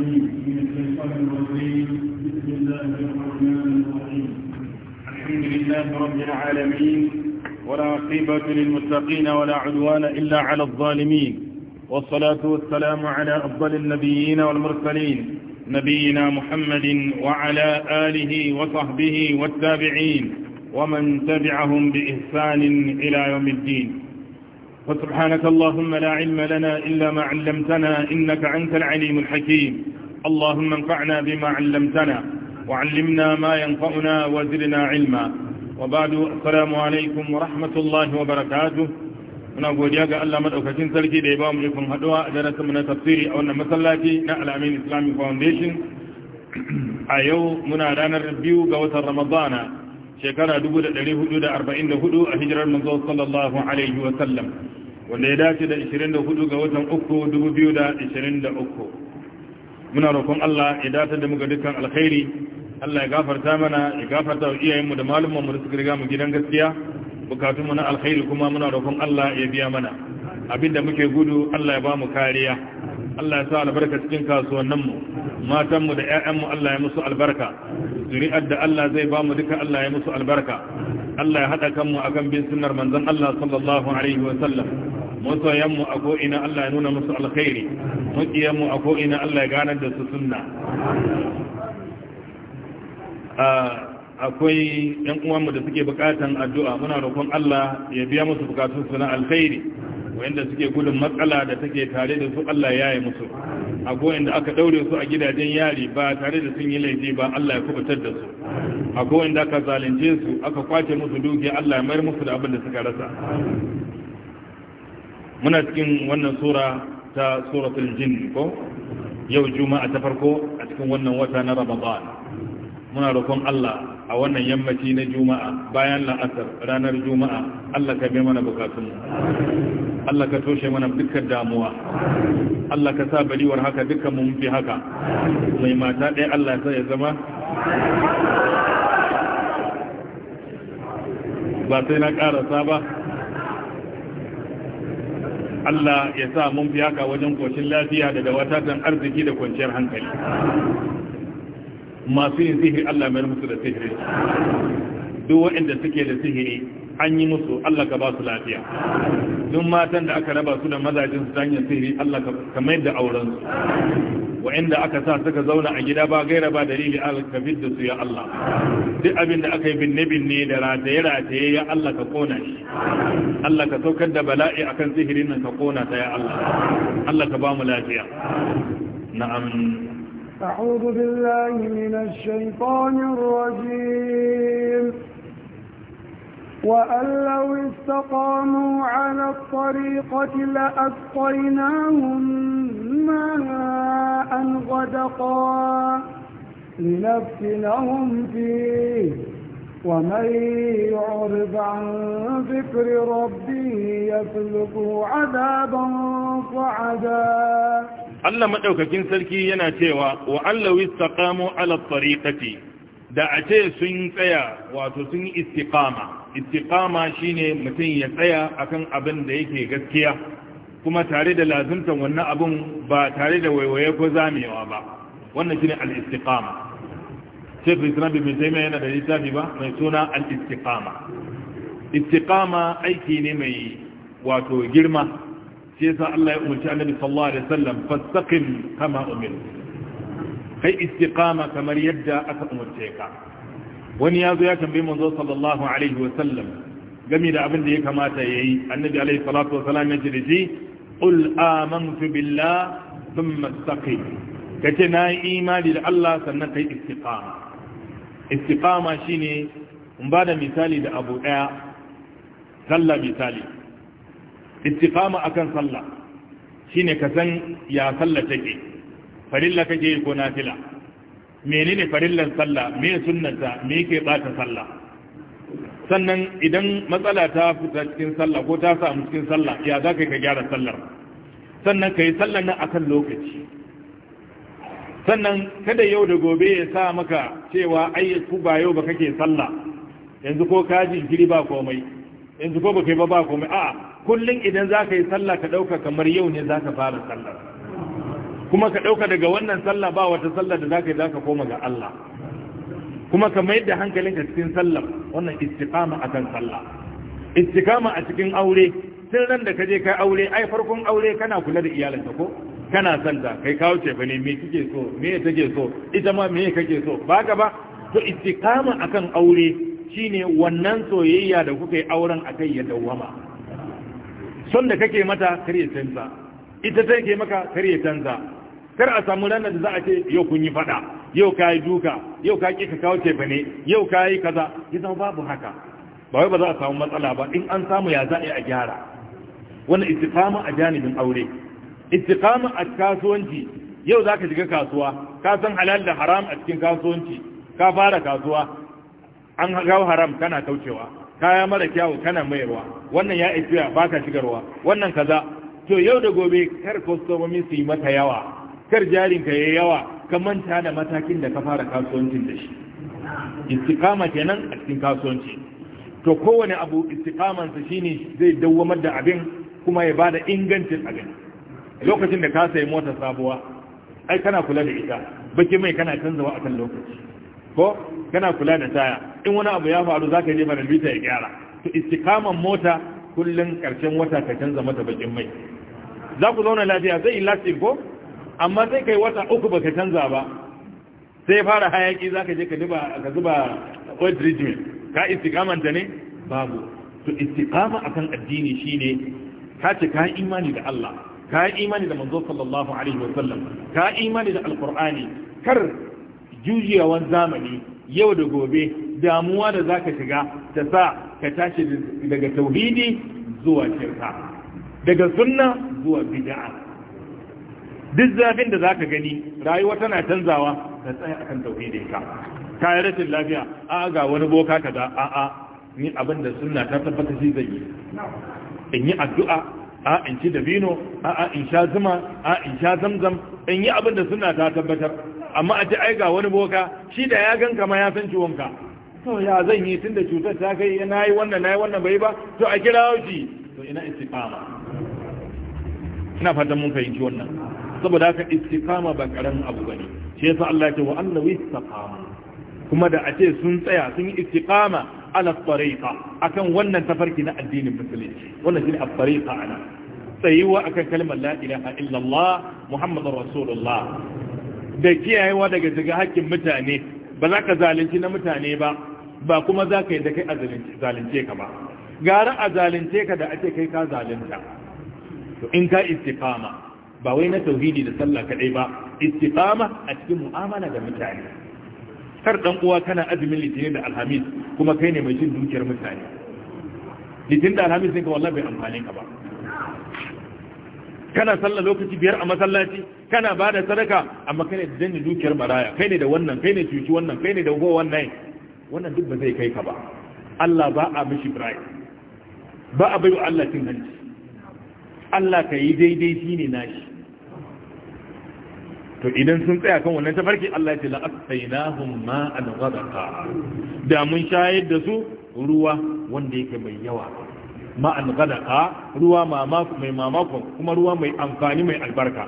الحمد لله رب العالمين ولا عقيبة للمتقين ولا عدوان إلا على الظالمين والصلاة والسلام على أفضل النبيين والمرسلين نبينا محمد وعلى آله وصحبه والتابعين ومن تبعهم بإحسان إلى يوم الدين فسبحانك اللهم لا علم لنا إلا ما علمتنا إنك أنت العليم الحكيم اللهم انفعنا بما علمتنا وعلمنا ما ينفعنا وزدنا علما وبعد السلام عليكم ورحمة الله وبركاته muna godiya ga Allah madaukakin sarki da ya ba mu ikon haduwa a darasin mu na tafsiri a wannan masallaci na Al-Amin Islamic Foundation a yau muna ranar biyu ga watan Ramadana shekara 1444 a hijirar manzo sallallahu alaihi wa sallam wanda ya dace da 24 ga watan muna roƙon Allah ya datar da muka dukkan alkhairi Allah ya gafarta mana ya gafarta wa iyayenmu da malumman mu da suka riga mu gidan gaskiya bukatun mu na alkhairi kuma muna roƙon Allah ya biya mana abinda muke gudu Allah ya bamu kariya Allah ya sa albarka cikin kasuwannin mu matan mu da ƴaƴan mu Allah ya musu albarka zuri'ar da Allah zai bamu duka Allah ya musu albarka Allah ya hada kanmu akan bin sunnar manzon Allah sallallahu alaihi wa sallam masoyanmu a ko'ina Allah ya nuna musu alkhairi makiyanmu a ko'ina Allah ya ganar da su sunna akwai yan uwanmu da suke bukatan addu'a muna roƙon Allah ya biya musu bukatun su na alkhairi wanda suke gudun matsala da take tare da su Allah ya yi musu a goyin da aka daure su a gidajen yari ba tare da sun yi laifi ba Allah ya kubutar da su a goyin da aka zalunce su aka kwace musu dukiya Allah ya mayar musu da abin da suka rasa muna cikin wannan sura ta suratul jin ko yau juma'a ta farko a cikin wannan wata na ramadan muna roƙon Allah a wannan yammaci na juma'a bayan la'asar ranar juma'a Allah ka bai mana bukatun Allah ka toshe mana dukkan damuwa Allah ka sa bariwar haka dukkan mu fi haka mai mata ɗaya Allah sai ya zama ba sai na ƙara ƙarasa ba Allah ya sa mun fi haka wajen koshin lafiya da dawatatan arziki da kwanciyar hankali masu yin sihiri Allah mai musu da sihiri duk waɗanda suke da sihiri an yi musu Allah ka ba su lafiya duk matan da aka raba su da mazajin su hanyar sihiri Allah ka mai da auren su wa'inda aka sa suka zauna a gida ba gaira ba dalili Allah da su ya Allah duk abin da aka yi binne binne da rataye rataye ya Allah ka kona shi Allah ka saukar da bala'i akan sihirin nan ka kona ta ya Allah Allah ka ba mu lafiya na'am أعوذ بالله من الشيطان الرجيم وأن لو استقاموا على الطريقة لأسقيناهم ماء غدقا لنفتنهم فيه ومن يعرض عن ذكر ربه يسلكه عذابا صعدا الله مدوكاكين سلكي ينا cewa وأن لو استقاموا على الطريقة da a ce sun tsaya wato sun yi istiqama istiqama shine mutum ya tsaya akan abin da yake gaskiya kuma tare da lazimtan wannan abin ba tare da waiwaye ko zamewa ba wannan shine al-istiqama Sheikh Islam bin Taymiyyah yana da littafi ba mai suna al-istiqama istiqama aiki ne mai wato girma sai yasa Allah ya umarci Annabi sallallahu alaihi wasallam fastaqim kama umirta kai istiqama kamar yadda aka umarce ka wani ya zo ya tambayi manzo sallallahu alaihi wa sallam game da abin da ya kamata yayi annabi alaihi salatu wa salam ya ce da shi qul amantu billah thumma istaqim kace na yi imani da Allah sannan kai istiqama istiqama shine in ba misali da abu daya sallah misali istiqama akan sallah shine ka san ya sallah take farilla kake yi ko nafila menene farillan sallah me sunnata me yake bata sallah sannan idan matsala ta fita cikin sallah ko ta samu cikin sallah ya za ka gyara sallar sannan ka yi sallar na akan lokaci sannan kada yau da gobe ya sa maka cewa ayi ku ba yau ba kake sallah yanzu ko ka jiri ba komai yanzu ko ba kai ba ba komai a'a kullum idan za ka yi sallah ka ɗauka kamar yau ne za ka fara sallar kuma ka ɗauka daga wannan sallah ba wata sallah da za ka yi ka koma ga Allah kuma ka mayar da hankalinka cikin sallah wannan istiqama akan sallah istiqama a cikin aure tun ran da ka je kai aure ai farkon aure kana kula da iyalinka ko kana santa kai kawo ce bane me kike so me take so ita ma me kake so ba ka ba to istiqama akan aure shine wannan soyayya da kuka yi auren a kai ya dawwama son da kake mata ya canza ita take maka ya canza kar a samu ranar da za a ce yau kun yi fada yau ka yi duka yau ka ƙi ka kawo tefe ne yau ka yi kaza ya zama babu haka ba wai ba za a samu matsala ba in an samu ya za a yi a gyara wani istiqama a janibin aure istiqama a kasuwanci yau za ka shiga kasuwa ka san halal da haram a cikin kasuwanci ka fara kasuwa an gawo haram kana kaucewa kaya mara kyawu kana mayarwa wannan ya ifiya ba ka shigarwa wannan kaza to yau da gobe kar kwastomomi su yi mata yawa kar jarinka ya yawa ka manta da matakin da ka fara kasuwancin da shi istiqama kenan a cikin kasuwanci to kowane abu istiqamansa shine zai dawwamar da abin kuma ya bada ingancin abin lokacin da ka sayi mota sabuwa ai kana kula da ita baki mai kana canzawa akan lokaci ko kana kula da taya in wani abu ya faru zaka je bana bita ya gyara to istiqaman mota kullun karshen wata ka canza mata bakin mai za ku zauna lafiya zai yi lasting ko amma sai kai wata uku ba ka canza ba sai fara hayaki za ka je ka zuba oil treatment ka istikamanta ne babu to istikama akan addini shine ka ce ka imani da Allah ka imani da manzo sallallahu alaihi wasallam ka imani da alqur'ani kar jujiyawan zamani yau da gobe damuwa da za ka shiga ta sa ka tashi daga tauhidi zuwa shirka daga sunna zuwa bid'a duk zafin da zaka gani rayuwa tana canzawa ka tsaya akan tauhidin ka kayan rashin lafiya a ga wani boka da a a ni abin da sunna ta tabbata shi zai yi in yi addu'a a in ci dabino a a in sha zuma a in sha zamzam in yi abin da sunna ta tabbatar amma a ce ai ga wani boka shi da ya ganka ma ya san ciwonka to ya zan yi tunda cutar ta kai na yi wannan na yi wannan bai ba to a kira shi to ina istiqama ina fatan mun fahimci wannan saboda haka istiqama ba karamin abu bane shi yasa Allah ya ce wa annahu istaqama kuma da a ce sun tsaya sun yi istiqama ala tariqa akan wannan tafarki na addinin musulunci wannan shine at-tariqa ana tsayuwa akan kalmar la ilaha illallah muhammadur rasulullah da kiyayewa daga daga hakkin mutane ba za ka zalunci na mutane ba ba kuma za ka yi da kai a zalunce ka ba gara a zalunce ka da ake kai ka zalunta in ka istiqama ba wai na tauhidi da sallah kadai ba istiqama a cikin mu'amala da mutane kar dan uwa kana azumin litinin da alhamis kuma kai ne mai cin dukiyar mutane litinin da alhamis ne ka wallahi bai amfane ka ba kana sallah lokaci biyar a masallaci kana ba da sadaka amma kai ne da danne dukiyar maraya. kai ne da wannan kai ne cuci wannan kai ne da go wannan wannan duk ba zai kai ka ba Allah ba a mishi birai, ba a bai wa Allah cin hanci Allah ka yi daidai shi ne nashi to idan sun tsaya kan wannan tafarki Allah ya ce la'asainahum ma'an ghadaqa da mun shayar da su ruwa wanda yake mai yawa ma'an ghadaqa ruwa mamako mai mamako kuma ruwa mai amfani mai albarka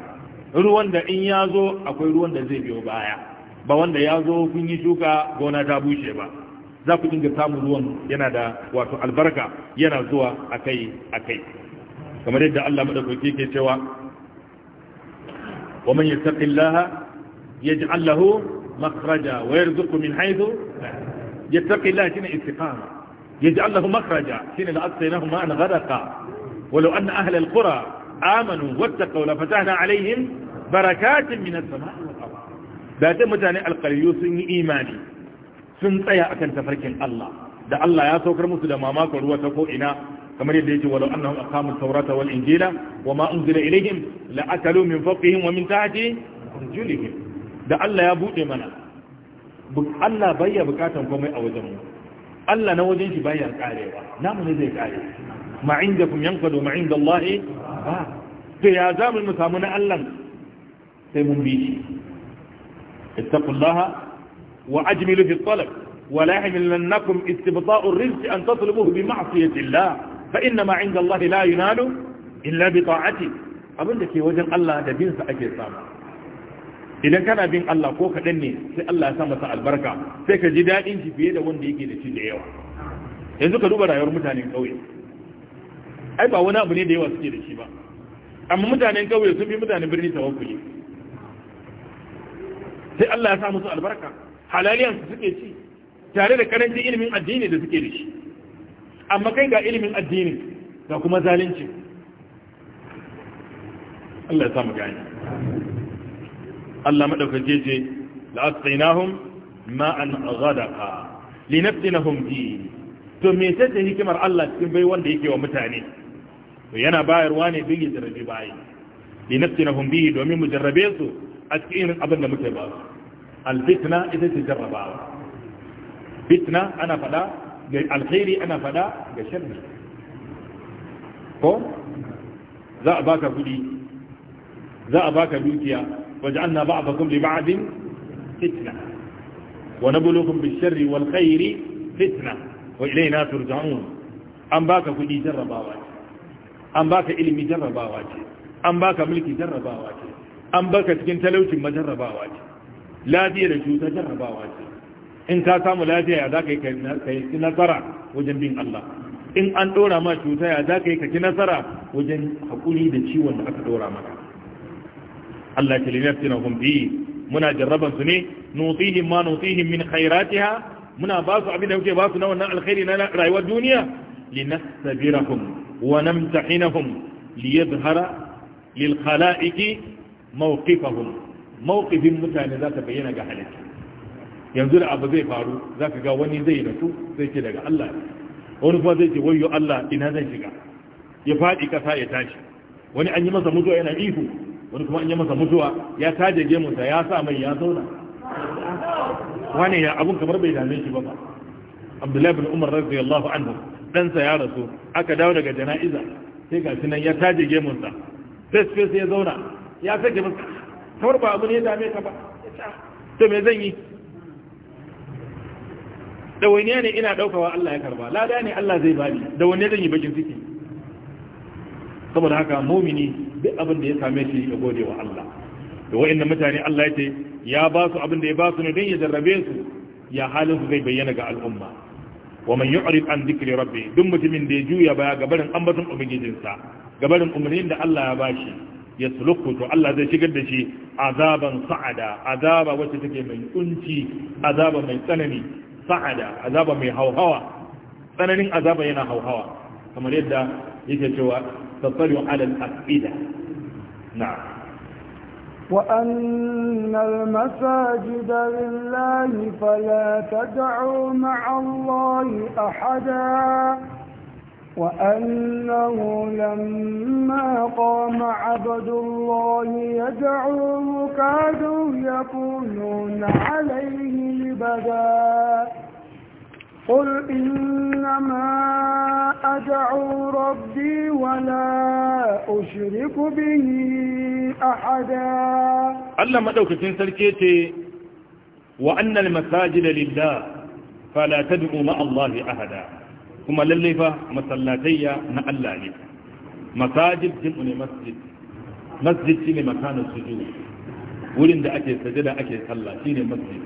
ruwan da in ya zo akwai ruwan da zai biyo baya ba wanda yazo zo kun yi shuka gona ta bushe ba za ku dinga samun ruwan yana da wato albarka yana zuwa akai akai kamar yadda Allah madaukake ke cewa ومن يتق الله يجعل له مخرجا ويرزقه من حيث يتقي الله شنو استقامة يجعل له مخرجا شنو لأسقيناهما أن غرقا ولو أن أهل القرى آمنوا واتقوا لفتحنا عليهم بركات من السماء والأرض ذات متاني القريو سن إيماني سن تيا أكن تفركين الله da Allah ya saukar musu da mamakon ruwa ta ko'ina kamar yadda yake walau annahum aqamu tawrata wal injila wama unzila ilayhim la akalu min fawqihim wa min tahti arjulihim da Allah ya bude mana Allah bayya bukatan komai a wajen mu Allah na wajen shi bayya karewa namu ne zai kare ma indakum yanqadu ma inda Allah ba to ya zamu mu samu na Allah sai mun bi shi ittaqullaha wa ajmilu fi talab ولا يحملنكم استبطاء الرزق أن تطلبوه بمعصية الله fa inna ma inda Allah la yunalu illa bi ta'ati abin da ke wajen Allah da bin sa ake samu idan kana bin Allah ko kaɗan ne sai Allah ya sa masa albarka sai ka ji daɗin shi fiye da wanda yake da shi da yawa yanzu ka duba rayuwar mutanen ƙauye ai ba wani abu ne da yawa suke da shi ba amma mutanen ƙauye sun fi mutanen birni tawakkuli sai Allah ya sa musu albarka halaliyan suke ci tare da karancin ilimin addini da suke da shi amma kai ga ilimin addini ga kuma zalunci Allah ya samu gani Allah madaukake ce ma an ghadaqa linaftinahum bi to me tace hikimar Allah cikin bai wanda yake wa mutane to yana bayarwa ne bin jarrabi bayi linaftinahum bi domin mu jarrabe su a cikin abin da muke ba al fitna ita ce jarrabawa fitna ana fada ga alkhairi ana fada ga sharri ko za a baka kudi za a baka dukiya waj'alna ba'dakum li ba'din fitna wa nabluukum bish-sharri wal khairi fitna wa ilayna turja'un an baka kudi jarrabawa an baka ilimi jarrabawa ce an baka mulki jarrabawa ce an baka cikin talaucin majarrabawa ce lafiya da cuta jarrabawa ce in ka samu lafiya ya za ka yi nasara wajen bin Allah in an ɗora ma cuta ya za ka yi ki nasara wajen haƙuri da ciwon da aka ɗora maka Allah ke lina fi na muna jarraban su ne nutsihin ma nutsihin min khairatiha muna ba su abin da muke ba su na wannan alkhairi na rayuwar duniya linastabirahum wa namtahinahum liyadhhara lil khalaiqi mawqifahum mawqifin mutane za ta bayyana ga halitta yanzu da abu zai faru za ka ga wani zai rasu zai ce daga Allah wani kuma zai ce wayo Allah ina zan shiga ya faɗi ƙasa ya tashi wani an yi masa mutuwa yana ihu wani kuma an yi masa mutuwa ya taje gemunsa ya sa mai ya zauna wani ya abun kamar bai dame shi ba ba abdullahi bin umar radiyallahu anhu ɗansa ya rasu aka dawo daga jana'iza sai ga nan ya taje gemunsa fes fes ya zauna ya sake masa kamar ba abu ne ya dame ka ba ah, to me zan yi da wani ne ina daukawa Allah ya karba lada ne Allah zai bani da wani zan yi bakin ciki saboda haka mumini duk abin da ya same shi ya gode wa Allah da wayannan mutane Allah ya ce ya ba su abin da ya ba su ne don ya jarrabe su ya halin su zai bayyana ga al'umma wa man yu'rid an dhikri rabbi duk mutumin da ya juya baya ga barin ambaton ubangijinsa ga barin umarnin da Allah ya bashi ya suluku to Allah zai shigar da shi azaban sa'ada azaba wacce take mai kunci azaba mai tsanani sa'ada azaba mai hauhawa tsananin azaba yana hauhawa kamar yadda yake cewa tattali ala al-afida na'am وأن المساجد لله فلا تدعوا مع الله أحدا وأنه لما قام عبد الله يدعوه كادوا يكونون عليه لبدا قل إنما أدعو ربي ولا أشرك به أحدا الله مدوك تنسلكيتي وأن المساجد لله فلا تدعو مع الله أحدا kuma lalle fa masallatayya na Allah ne masajid jim'u ne masjid masjid shine makanin sujud wurin da ake sajada ake sallah shine masjid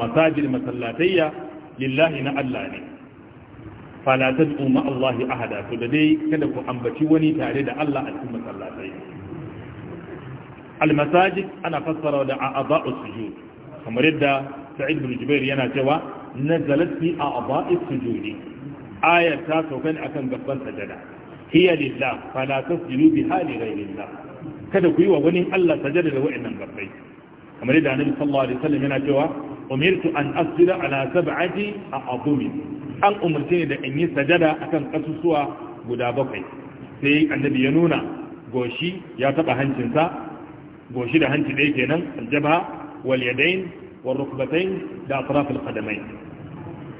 masajid masallatayya lillahi na Allah ne fala tad'u ma Allah ahada to da dai kada ku ambaci wani tare da Allah a cikin masallatai al masajid ana fassara da a'dha'u sujud kamar yadda Sa'id bin Jubair yana cewa nazalat fi a'dha'i sujudi ayar ta sauka ne akan gaban sajada hiya lillah fala tasjudu bi hali ghayrillah kada ku yi wa wani Allah sajada da wa'annan gabbai kamar yadda annabi sallallahu alaihi wasallam yana cewa umirtu an asjuda ala sab'ati a'dhumi an umarci ni da in yi sajada akan kasusuwa guda bakwai sai annabi ya nuna goshi ya taba hancinsa goshi da hanci ɗaya kenan aljaba wal yadain wal rukbatayn da atraf al qadamayn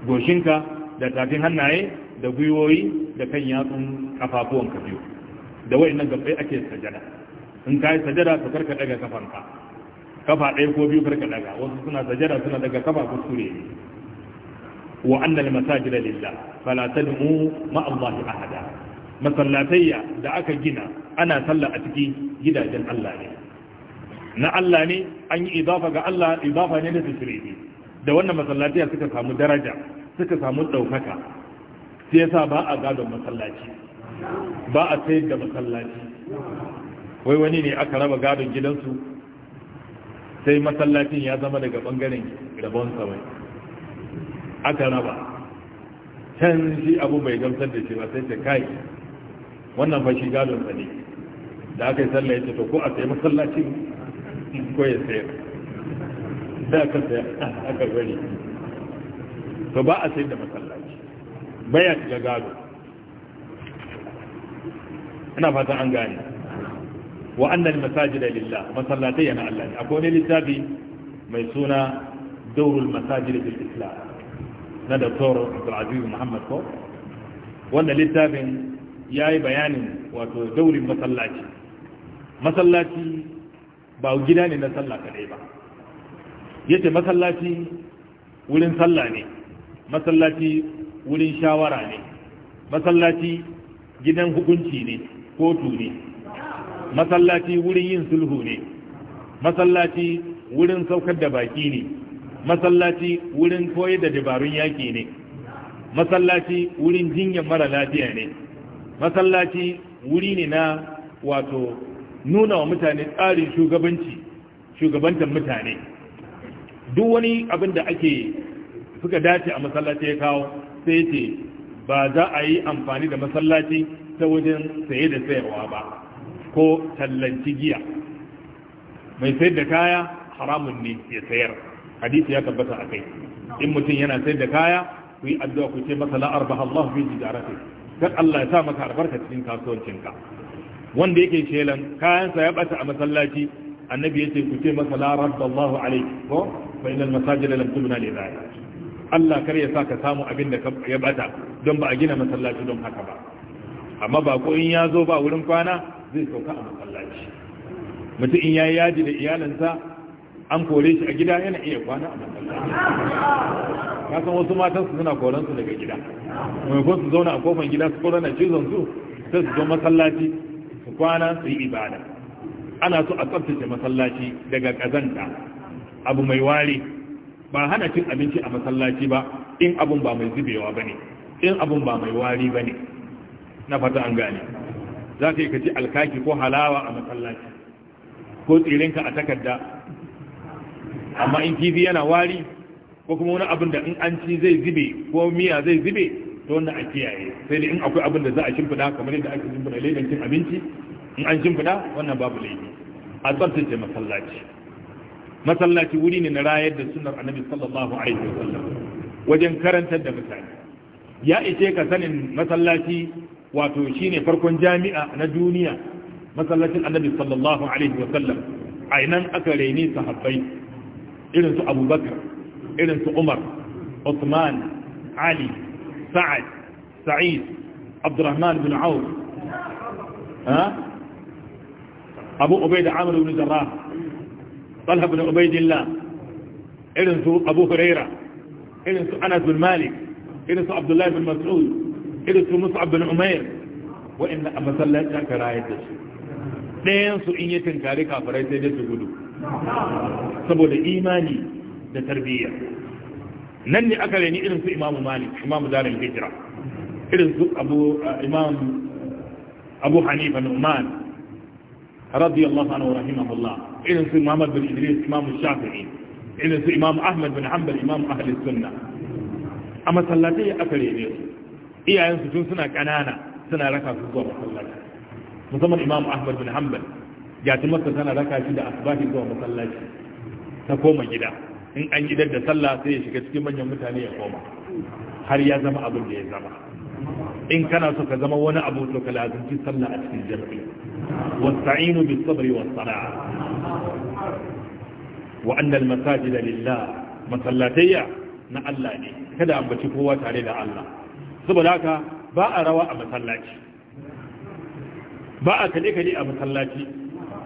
goshinka da tafin hannaye da gwiwoyi da kan yatsun kafafuwanka biyu da wayannan gabbai ake sajada in ka yi sajada to karka daga kafanka kafa ɗaya ko biyu karka daga wasu suna sajada suna daga kafa kuskure wa annal masajida lillah fala tad'u ma Allah ahada masallatayya da aka gina ana sallah a cikin gidajen Allah ne na Allah ne an yi idafa ga Allah idafa ne na tasirifi da wannan masallatayya suka samu daraja suka samu ɗaukaka sai sa ba a gadon masallaci ba a sayar da masallaci wai wani ne aka raba gadon gidansu sai masallacin ya zama daga bangaren rabon samai aka raba can shi abu bai gamsar da shi ba sai ta kai wannan fashi gadon sa ne da aka yi sallah ya ce to ko a sayi masallacin ko ya sayar da aka sayar aka gani to ba a sai da masallaci baya shiga gado ina fatan an gane wa annal masajida lillah masallatai yana Allah ne akwai wani littafi mai suna daurul masajid fil islam na Dr. Abdul Aziz Muhammad ko wannan littafin yayi bayanin wato daurin masallaci masallaci ba gida ne na sallah kadai ba yace masallaci wurin sallah ne masallaci wurin shawara ne masallaci gidan hukunci ne kotu ne masallaci wurin yin sulhu ne masallaci wurin saukar da baki ne masallaci wurin koyar da dabarun yaki ne masallaci wurin jinyar mara lafiya ne masallaci wuri ne na wato nuna wa mutane tsarin shugabanci shugabantar mutane duk wani abin da ake suka dace a masallaci ya kawo sai ce ba za a yi amfani da masallaci ta wajen saye da sayarwa ba ko tallanci giya mai sayar da kaya haramun ne ya sayar hadisi ya tabbata a kai in mutum yana sayar da kaya ku yi addu'a ku ce masa la'ar ba Allah fi tijarati kar Allah ya sa maka albarka cikin kasuwancinka wanda yake shelan kayansa ya bata a masallaci annabi yace ku ce masa la rabba Allahu alayhi ko fa innal masajida lam tubna li dhalik Allah kar ya sa ka samu abin da ya bata don ba a gina masallaci don haka ba amma ba ko in ya zo ba wurin kwana zai sauka a masallaci mutum in ya yaji da iyalinsa an kore shi a gida yana iya kwana a masallaci ka san wasu matan su suna koren su daga gida mai ko su zauna a kofan gida su koran a cizon su sai su zo masallaci su kwana su yi ibada ana so a tsaftace masallaci daga kazanta abu mai wari. ba hana cin abinci a masallaci ba in abun ba mai zubewa ba ne in abun ba mai wari ba ne na fata an gane za ka yi ka ci alkaki ko halawa a masallaci ko tsirinka a takarda amma in kifi yana wari ko kuma wani abin da in an ci zai zube ko miya zai zube to wani a kiyaye sai da in akwai abin da za a shimfiɗa kamar yadda ake shimfiɗa laifin cin abinci in an shimfiɗa wannan babu laifi a tsabtace masallaci masallaci wuri ne na rayar da sunar annabi sallallahu alaihi wasallam wajen karantar da mutane ya ishe ka sanin masallaci wato shine farkon jami'a na duniya masallacin annabi sallallahu alaihi wasallam a nan aka raini sahabbai irin su abubakar irin su umar usman ali sa'ad sa'id abdurrahman bin auf abu ubaida amr ibn jarrah talha irin su abu huraira irin su anas bin malik irin su abdullahi bin mas'ud irin su musu bin umair wa'inda a masallaci aka rayar da su ɗayan su in yi tinkari kafirai sai dai su gudu saboda imani da tarbiyya nan ne aka reni irin su imamu malik imamu zarin hijira irin abu abu hanifa radiyallahu anhu rahimahullah irin su Muhammad bin Idris Imam Shafi'i irin su Imam Ahmad bin Hanbal Imam Ahli Sunna a masallatai aka rene su iyayen tun suna kanana suna raka su zuwa masallaci musamman Imam Ahmad bin Hanbal ya ci raka shi da asbahi zuwa masallaci ta koma gida in an gidar da sallah sai ya shiga cikin manyan mutane ya koma har ya zama abin da ya zama in kana so ka zama wani abu to ka lazimci sallah a cikin jami'i wasta'inu bis sabri was sala wa anna al masajida lillah masallatayya na Allah ne kada ambaci kowa tare da Allah saboda haka ba a rawa a masallaci ba a kade kade a masallaci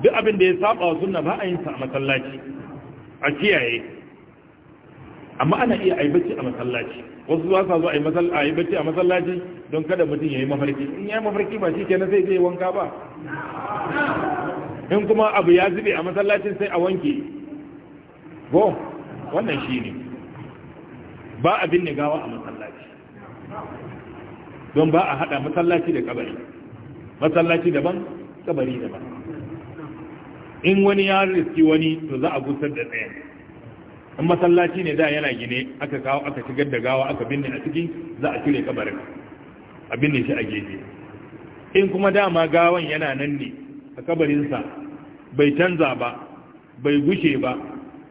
duk abin da ya saba wa sunna ba a yin sa a masallaci a kiyaye amma ana iya aibaci a masallaci wasu za su zo a yi bacci a masallaci don kada mutum ya yi mafarki in ya yi mafarki ba shi kenan sai zai wanka ba in kuma abu ya zube a masallacin sai a wanke go wannan shi ne ba a binne gawa a masallaci don ba a hada masallaci da kabari masallaci daban kabari daban in wani ya riski wani to za a gusar da tsayen in masallaci ne da yana gine aka kawo aka shigar da gawa aka binne a ciki za a cire kabarin a binne shi a gefe in kuma dama gawan yana nan ne a kabarinsa bai canza ba bai gushe ba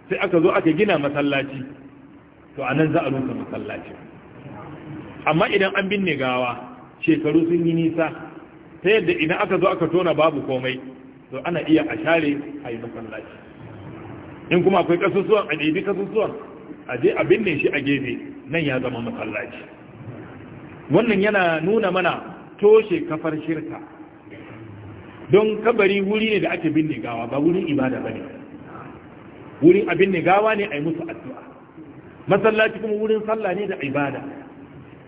sai aka zo aka gina masallaci to a nan za a rusa masallacin amma idan an binne gawa shekaru sun yi nisa ta yadda idan aka zo aka tona babu komai to ana iya a share a yi masallaci in kuma akwai kasusuwan a ɗaiɗi kasusuwan a je a binne shi a gefe nan ya zama masallaci wannan yana nuna mana toshe kafar shirka don kabari wuri ne da ake binne gawa ba wurin ibada ba ne wurin abin ne gawa ne a yi musu addu'a masallaci kuma wurin sallah ne da ibada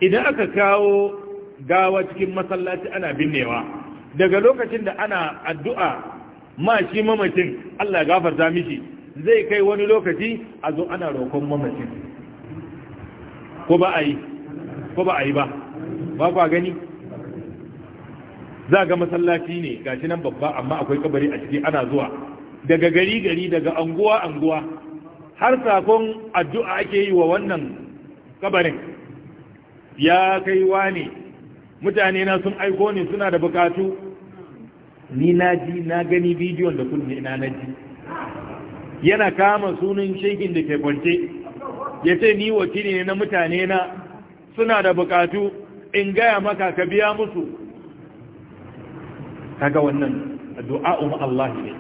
idan aka kawo gawa cikin masallaci ana binnewa daga lokacin da ana addu'a ma shi mamacin Allah gafarta mishi zai kai wani lokaci a zo ana roƙon mamacin ko ba a yi ko ba a yi ba ba kwa gani za ga masallaci ne Ga shi nan babba amma akwai kabari a ciki ana zuwa daga gari gari daga anguwa anguwa har sakon addu'a ake yi wa wannan kabarin ya kai ne. mutane na sun aiko ne suna da bukatu ni na ji na gani bidiyon da kunne na na ji yana kama sunan shekin da ke kwance ya ce ni wakili ne na mutane na suna da bukatu in gaya maka ka biya musu kaga wannan addu'a umma Allah ne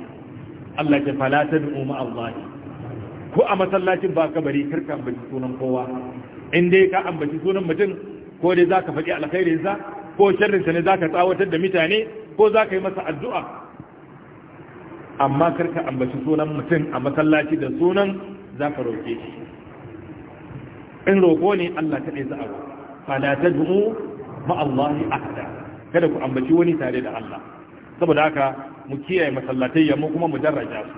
Allah ke falata da umma Allah ko a masallacin ba ka bari karka ambaci sunan kowa in dai ka ambaci sunan mutum ko dai zaka faɗi alkhairinsa ko sharrinsa ne zaka tsawatar da mutane ko zaka yi masa addu'a amma karka ambaci sunan mutum a masallaci da sunan za ka roƙe shi in roƙo ne Allah ta ɗaya za'aru fala ta ne ma'allahi ahada kada ku ambaci wani tare da Allah saboda haka mu kiyaye masallatai yamma kuma mu daraja su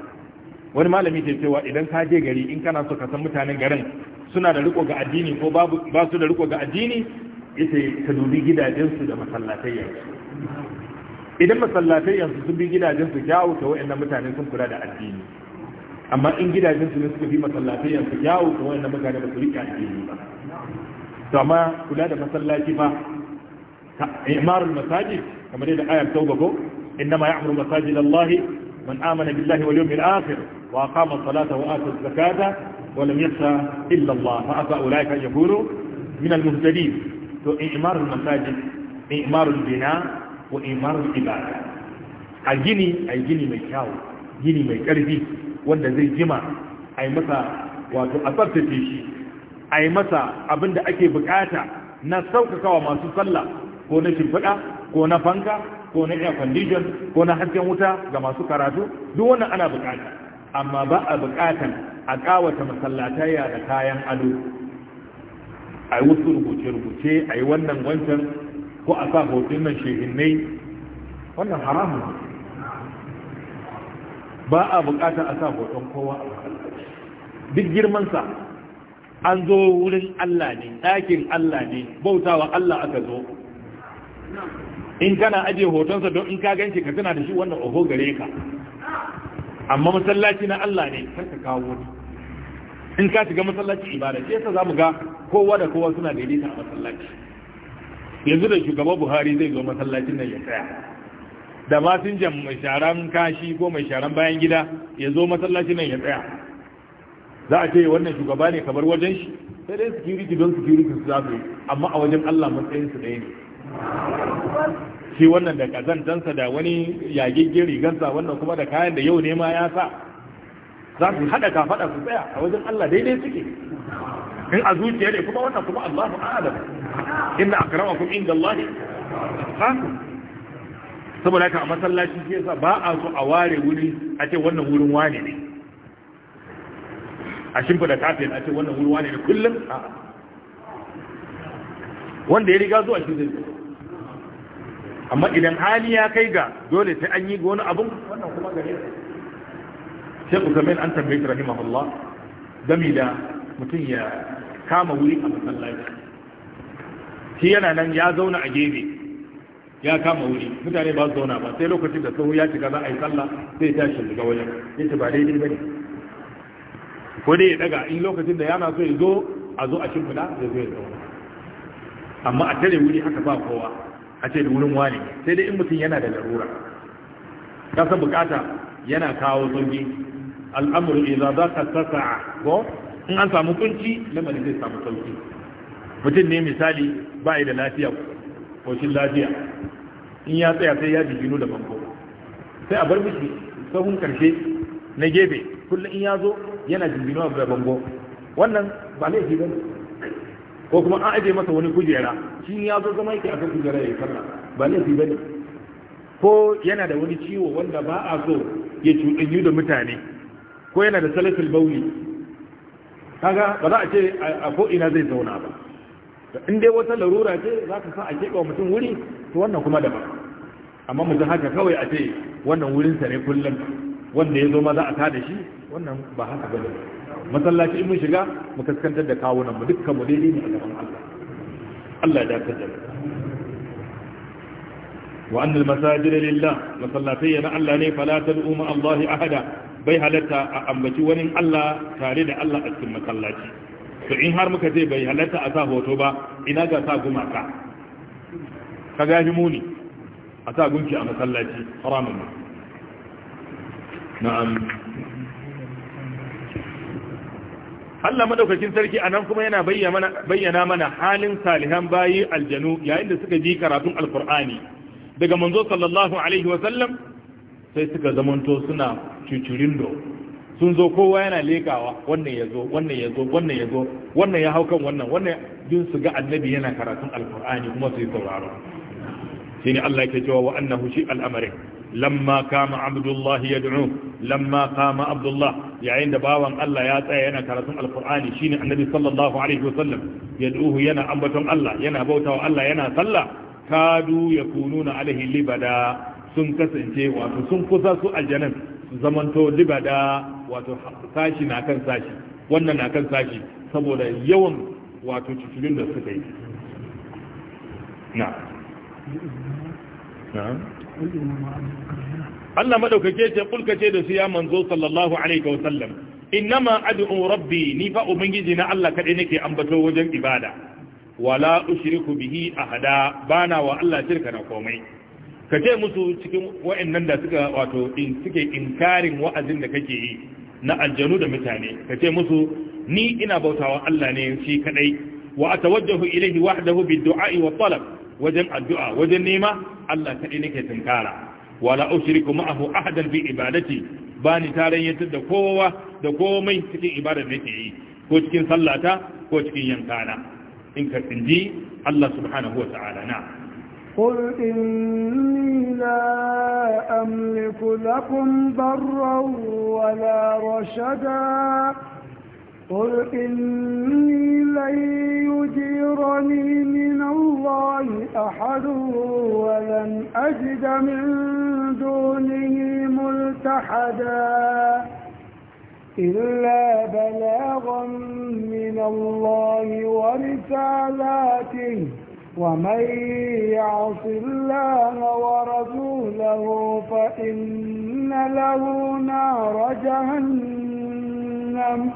wani malami ke cewa idan ka je gari in kana so ka san mutanen garin suna da riko ga addini ko ba su da riko ga addini ita ka dubi gidajensu da masallatai yanzu idan masallatai yanzu sun bi gidajen su kyawu ta wayannan mutane sun kula da addini amma in gidajen su ne suka bi masallatai yanzu kyawu ta wayannan mutane ba su rike addini ba to amma kula da masallaci ba imarul masajid kamar yadda ayar tauba ko innama ya'muru masajid Allah man amana billahi wal yawmil akhir wa aqama as-salata wa ata az-zakata wa lam yakhsha illa Allah fa asa ulaika yakunu min al-muhtadin to imarul masajid imarul bina wa imarul ibada a gini a gini mai kyau, gini mai ƙarfi wanda zai jima a yi masa wato a shi a yi masa abin da ake bukata na sauƙaƙawa masu sallah ko na shimfiɗa ko na fanka ko na air condition ko na hasken wuta ga masu karatu duk wannan ana bukata amma ba a bukata a ƙawata masallataya da kayan ado a yi wasu rubuce-rubuce a yi wannan wancan ko a sa nan shehinnai wannan haramun ba a bukatar a sa hoton kowa a masallaci duk girmansa an zo wurin Allah ne ɗakin Allah ne bautawa Allah aka zo in kana aje hotonsa don in ka ganci ka tana da shi wannan oho gare ka amma masallaci na Allah ne kar ka kawo wani in ka shiga masallaci ibada sai za zamu ga kowa da kowa suna daidaita a masallaci yanzu da shugaba buhari zai zo masallacin nan ya tsaya da masinjan mai sharan kashi ko mai sharan bayan gida ya zo masallacin nan ya tsaya za a ce wannan shugaba ne kamar wajen shi sai dai security don security su za su yi amma a wajen allah matsayinsu su ne shi wannan da kazantansa da wani yageggen rigarsa wannan kuma da kayan da yau ne ma ya sa za su haɗa kafaɗa su tsaya a wajen allah daidai suke in a zuciya ne kuma wannan kuma Allahu a'lam inna akramakum inda Allah hakum saboda haka a masallaci shi yasa ba a so a ware wuri a ce wannan wurin wane ne a shimfida kafin a ce wannan wurin wane ne kullum wanda ya riga zuwa shi zai amma idan hali ya kai ga dole sai an yi ga wani abun wannan kuma gare shi ku kamin an tambayi rahimahullah gami da mutum ya kama wuri a masallaci shi yana nan ya zauna a gefe ya kama wuri mutane ba su zauna ba sai lokacin da sauri ya shiga za a yi sallah sai tashi daga wajen ci ba daidai ne ko dai ya daga in lokacin da yana so ya zo a zo a shimfiɗa ya zo ya zauna amma a tare wuri haka ba kowa a ce da wurin wani sai dai in mutum yana da larura kasa bukata yana kawo sauki al'amuru idza ka tasa'a ko in an samu kunci lamarin zai samu sauki mutum ne misali ba da lafiya koshin lafiya in ya tsaya sai ya jigino da banko sai a bar mishi sahun karshe na gefe kullum in ya zo yana jigino da bango wannan ba laifi ba ko kuma an aje masa wani kujera shi ya zo zama yake akan kujera ya sallah ba laifi ba ne ko yana da wani ciwo wanda ba a so ya cuɗanyu da mutane ko yana da salafin bauli kaga ba za a ce a ko'ina zai zauna ba in dai wata larura ce za ka sa a keɓa mutum wuri to wannan kuma daban amma mu mutum haka kawai a ce wannan wurinsa ne kullum wanda ya zo ma za a tada shi wannan ba haka ba ne masallaci in mun shiga mu kaskantar da kawunan mu dukkan mu daidai ne a gaban Allah Allah ya dace da mu wa annal masajid lillah masallatai na Allah ne fala tad'u ma Allah ahada bai halatta a ambaci wani Allah tare da Allah a cikin masallaci to in har muka ce bai halatta a sa hoto ba ina ga sa gumaka ka gani muni a sa gunki a masallaci haramun na'am Allah madaukakin sarki anan kuma yana bayyana mana halin salihan bayi aljanu yayin da suka ji karatun alkur'ani daga manzo sallallahu alaihi wa sallam. sai suka zamanto suna cucurindo sun zo kowa yana lekawa wannan ya zo wannan ya zo wannan ya zo wannan ya hau kan wannan wannan jin su ga annabi yana karatun alkur'ani kuma su yi sauraro shi ne Allah ke cewa wa annahu shi al'amarin lamma kama abdullah ya du'u lamma kama abdullah yayin da bawan Allah ya tsaya yana karatun alkur'ani shi ne annabi sallallahu alaihi wasallam ya du'u yana ambaton Allah yana bautawa Allah yana sallah kadu yakununa alaihi libada sun kasance wato sun kusa su aljanan zamanto libada wato sashi na kan sashi wannan na kan sashi saboda yawan wato cikin da suka yi na Allah maɗaukake ce kulka ce da su ya manzo sallallahu alaihi wa sallam innama ad'u rabbi ni fa ubangiji na Allah kadai nake ambato wajen ibada wala ushriku bihi ahada bana wa Allah shirka na komai ka ce musu cikin wa'annan da suka wato in suke inkarin wa'azin da kake yi na aljanu da mutane ka ce musu ni ina bautawa Allah ne shi kadai wa atawajjahu ilayhi wahdahu bid-du'a'i wa talab wajen addu'a wajen nema Allah kadai nake tunkara wala ushriku ma'ahu ahadan bi ibadati bani tarayyatar da kowa da komai cikin ibadar da yi ko cikin sallata ko cikin yankana in ka tsinji Allah subhanahu wa ta'ala na قل إني لا أملك لكم ضرا ولا رشدا قل إني لن يجيرني من الله أحد ولن أجد من دونه ملتحدا إلا بلاغا من الله ورسالاته ومن يعص الله ورسوله فإن له نار جهنم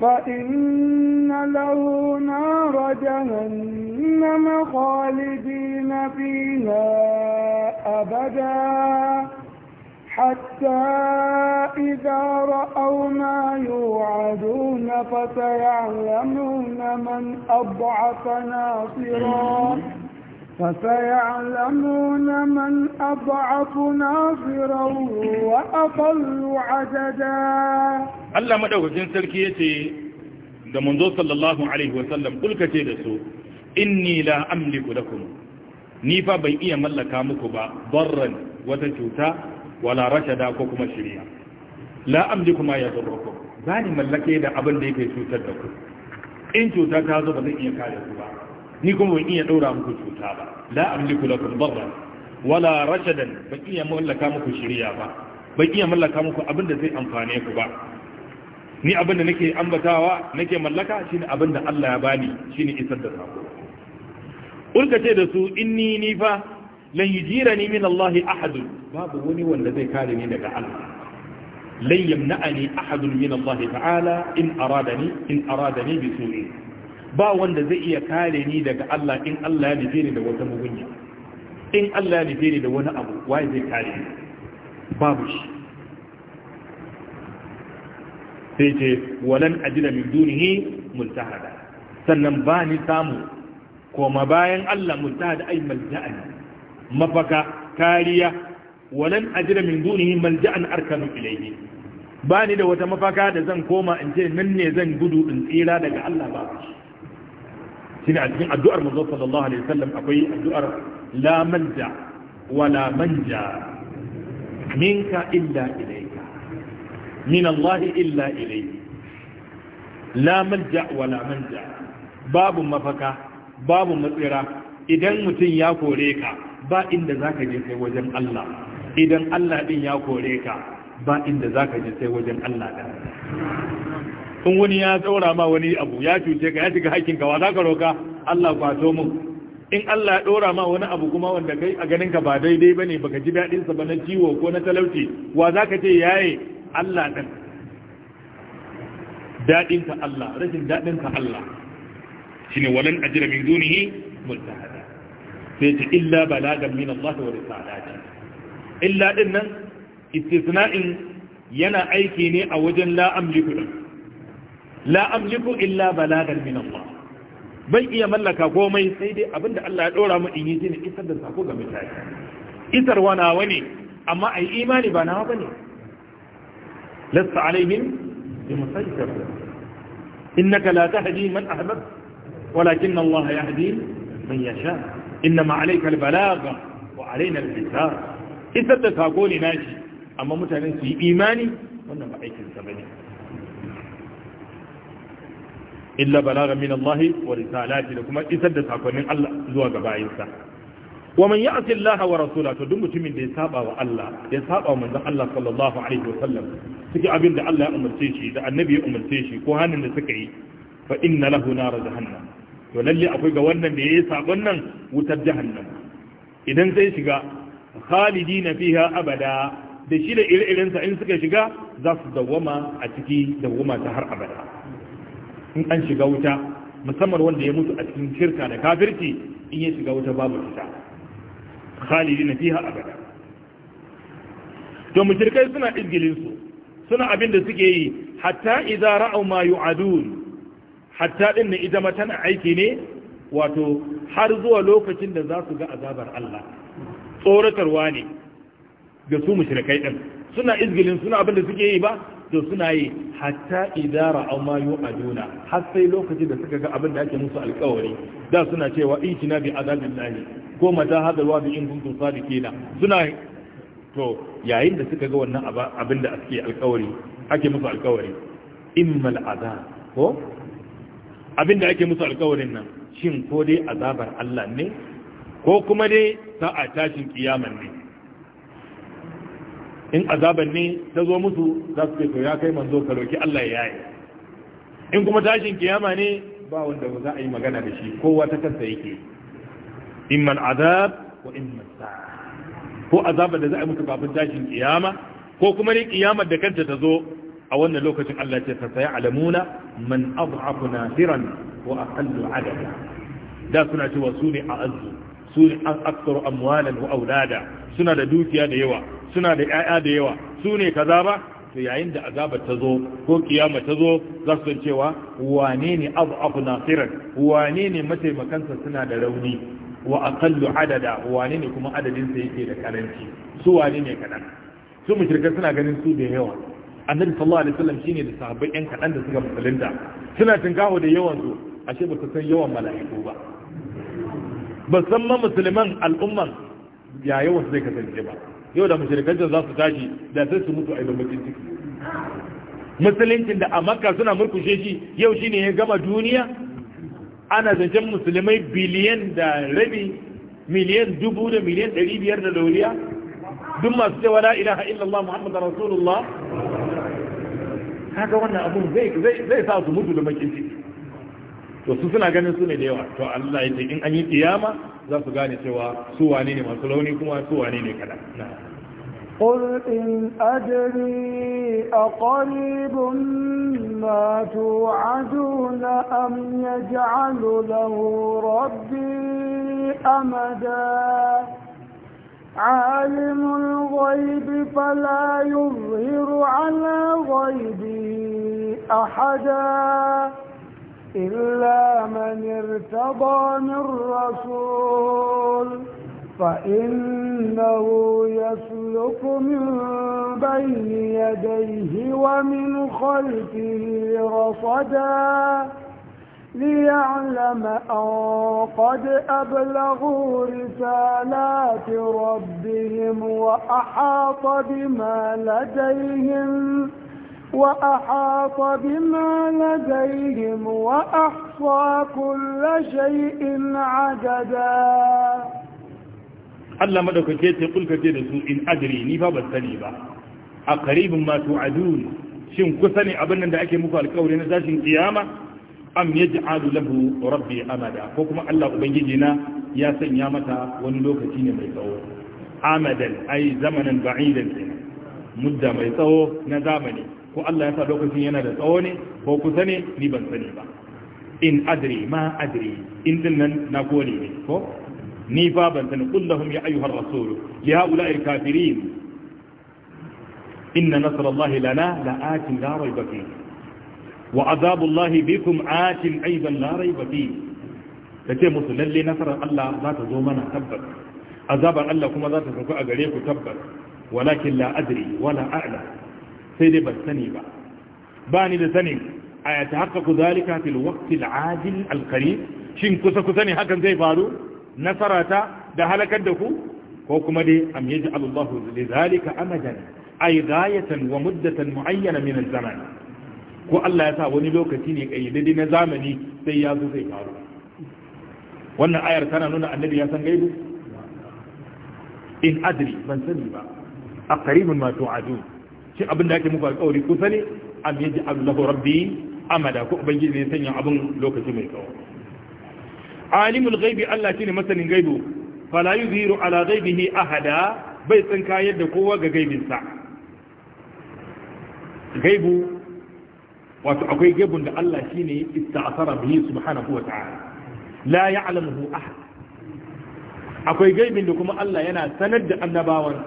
فإن له نار جهنم خالدين فيها أبداً حتى إذا رأوا ما يوعدون فسيعلمون من أضعف ناصرا فسيعلمون من أضعف ناصرا وأقل عددا الله مدوكين سلكيتي da manzo sallallahu alaihi wasallam kulkace da su inni la amliku lakum ni fa bai iya mallaka muku ba barran wata cuta wala rashada ko kuma shiriya la kuma ya ma ku. bani mallake da abin da yake cutar da ku in cuta ta zo ba zan iya kare ku ba ni kuma ban iya daura muku cuta ba la amliku lakum darran wala rashadan ban iya mallaka muku shiriya ba ban iya mallaka muku abin da zai amfane ku ba ni abin da nake ambatawa nake mallaka shine abin da Allah ya bani shine isar da sako ulka ce da su inni ni fa lan yujirani min Allah ahad babu wani wanda zai kare ni daga Allah lan yamna'ani ahad min Allah ta'ala in aradani in aradani bi su'i ba wanda zai iya kare ni daga Allah in Allah ya nufe da wata mugunya in Allah ya nufe da wani abu waye zai kare ni babu shi sai ce walan ajira min dunihi multahada sannan ba ni samu koma bayan Allah multahada ay malja'ani mafaka kariya walan ajira min dunihi malja'an arkanu ilayhi ba ni da wata mafaka da zan koma in ce nan ne zan gudu in tsira daga Allah ba shine a cikin addu'ar manzo sallallahu alaihi wasallam akwai addu'ar la manja wala manja minka illa ilayka min Allah illa ilayhi la malja wala manja babu mafaka babu matsira idan mutum ya kore ka ba inda za ka je sai wajen Allah idan Allah ɗin ya kore ka ba inda za ka je sai wajen Allah ɗan in wani ya tsaura ma wani abu ya cuce ka ya shiga haƙƙinka wa za ka roka Allah kwato mu in Allah ya ɗora ma wani abu kuma wanda kai a ganinka ba daidai ba ne baka ji daɗinsa ba na ciwo ko na talauci wa za ka ce yaye Allah ɗin daɗinka Allah rashin daɗinka Allah shine walan ajira min dunihi mutahada sai ce illa balagan min Allah wa risalati illa din nan istisna'in yana aiki ne a wajen la amliku din la amliku illa balagan min Allah ban iya mallaka komai sai dai abinda Allah ya dora mu in yi ne isar da sako ga mutane isarwa nawa ne amma ai imani ba nawa bane lasta alaihim bi musaytir innaka la tahdi man ahbabta walakin Allah yahdi man yasha inna ma alayka albalagha wa alaina alhisab isar da sako ne nashi amma mutane su yi imani wannan ba aikin sa bane illa balagha min Allah wa risalati da kuma isar da sakonnin Allah zuwa ga sa wa man ya'ti Allah wa rasulahu to duk mutumin da ya saba wa Allah ya saba manzon Allah sallallahu alaihi wa sallam suke abin da Allah ya umarce shi da annabi ya umarce shi ko hannun da suka yi fa inna lahu nar jahannam to lalle akwai ga wannan da yayi sabon nan wutar jahannan idan zai shiga khalidina fiha abada da shi da ire-iren sa in suka shiga za su dawwama a ciki dawwama ta har abada in an shiga wuta musamman wanda ya mutu a cikin shirka da kafirci in ya shiga wuta babu fita khalidina fiha abada to mushrikai suna izgilin su suna abin da suke yi hatta idza ra'aw ma yu'adun hatta din ne ita ma tana aiki ne wato har zuwa lokacin da za su ga azabar Allah tsoratarwa ne ga su mushrikai din suna izgilin suna abin da suke yi ba to suna yi hatta idara aw a yu'aduna har sai lokacin da suka ga abin da ake musu alƙawari da suna cewa itina bi azabillahi ko mata hadarwa bi in kuntum sadiqina suna to yayin da suka ga wannan abin da ake alƙawari ake musu alƙawari in azab ko Abin da ake musu alkawarin nan shin ko dai azabar Allah ne ko kuma dai sa'a tashin kiyaman ne in azabar ne ta zo musu za su to ya kai manzo ka roki Allah ya yi in kuma tashin kiyama ne ba wanda za a yi magana da shi kowa ta kansa yake man azab wa man sa'a ko azabar da za a yi musu kafin tashin kiyama ko kuma ne kiyamar da kanta ta zo a wannan lokacin Allah ce fa sai alamuna man adhafu nasiran wa aqallu adada da suna cewa su ne a azzu su ne an aktaru amwalan wa aulada suna da dukiya da yawa suna da 'ya'ya da yawa Sune kaza ba to yayin da azaba ta zo ko kiyama ta zo za su san cewa wane ne adhafu nasiran wane ne mataimakansa suna da rauni wa aqallu adada wane ne kuma adadin sa yake da karanci su wane ne kadan su mushrikai suna ganin su da yawa annabi sallallahu alaihi wasallam shine da sahabbai yan kaɗan da suka musulunta suna tinkaho da yawan su ashe ba su san yawan mala'iku ba ba san ma musulman al'umman ya yawan su zai kasance ba yau da mushrikan za su tashi da sai su mutu a ibn ciki musuluncin da a makka suna murkushe shi yau shine ya gama duniya ana zancen musulmai biliyan da rabi miliyan dubu da miliyan ɗari biyar da dauriya duk masu cewa la ilaha illallah muhammadu rasulullah kaga wannan abun zai sa su mutu da makin ciki to su suna ganin su ne da yawa to Allah ya ce in an yi kiyama za su gane cewa su wane ne masu launi kuma su wane ne kada قل إن أدري أقريب ما توعدون أم يجعل له ربي أمداً عالم الغيب فلا يظهر على غيبه أحدا إلا من ارتضى من رسول فإنه يسلك من بين يديه ومن خلفه رصداً ليعلم أن قد أبلغوا رسالات ربهم وأحاط بما لديهم وأحاط بما لديهم وأحصى كل شيء عددا ألا ما مدك جيت يقول كجيد إن أدري نفا بالسليبة أقريب ما توعدون شن كثني أبنا دعك مفالكا ولنزاش قيامة am yaj'alu lahu rabbi amada ko kuma Allah ubangiji na ya sanya mata wani lokaci ne mai tsawo amadan ai zamanan ba'idan kenan mudda mai tsawo na zamani ko Allah ya sa lokacin yana da tsawo ne ko kusa ne ni ban sani ba in adri ma adri in din nan na kore ne ko ni fa ban sani kullahum ya ayyuhar rasul li haula'il kafirin inna nasrallahi lana la'atin la rayba fihi wa azabullahi bikum atin aidan la raiba fi kace musu lalle nasarar Allah za ta zo mana tabbas azabar Allah kuma za ta sauka a gare ku tabbas walakin la adri wala a'la sai dai ban sani ba bani da sani a ya tahaqqaqu zalika fil waqti al ajil al qarib shin kusa kusa ne hakan zai faru ta da halakar da ku ko kuma dai am yaj'al Allahu li zalika amadan ay ghayatan wa muddatan mu'ayyana min al-zaman ko Allah ya sa wani lokaci ne kayyadade na zamani sai ya zo zai faru wannan ayar tana nuna annabi ya san gaibu in adri ban sani ba a qaribun ma tu'adu shi abin da ake muku alƙawari ku sani am yaji allahu rabbi amada ko ubangiji ne sanya abin lokaci mai kawo alimul ghaibi Allah shine masanin gaibu fala yuziru ala ghaibihi ahada bai tsinka yadda kowa ga gaibinsa gaibu wato akwai gaibun da Allah shine ista'sara bihi subhanahu wata'ala la ya'lamuhu ahad akwai gaibin da kuma Allah yana sanar da annabawan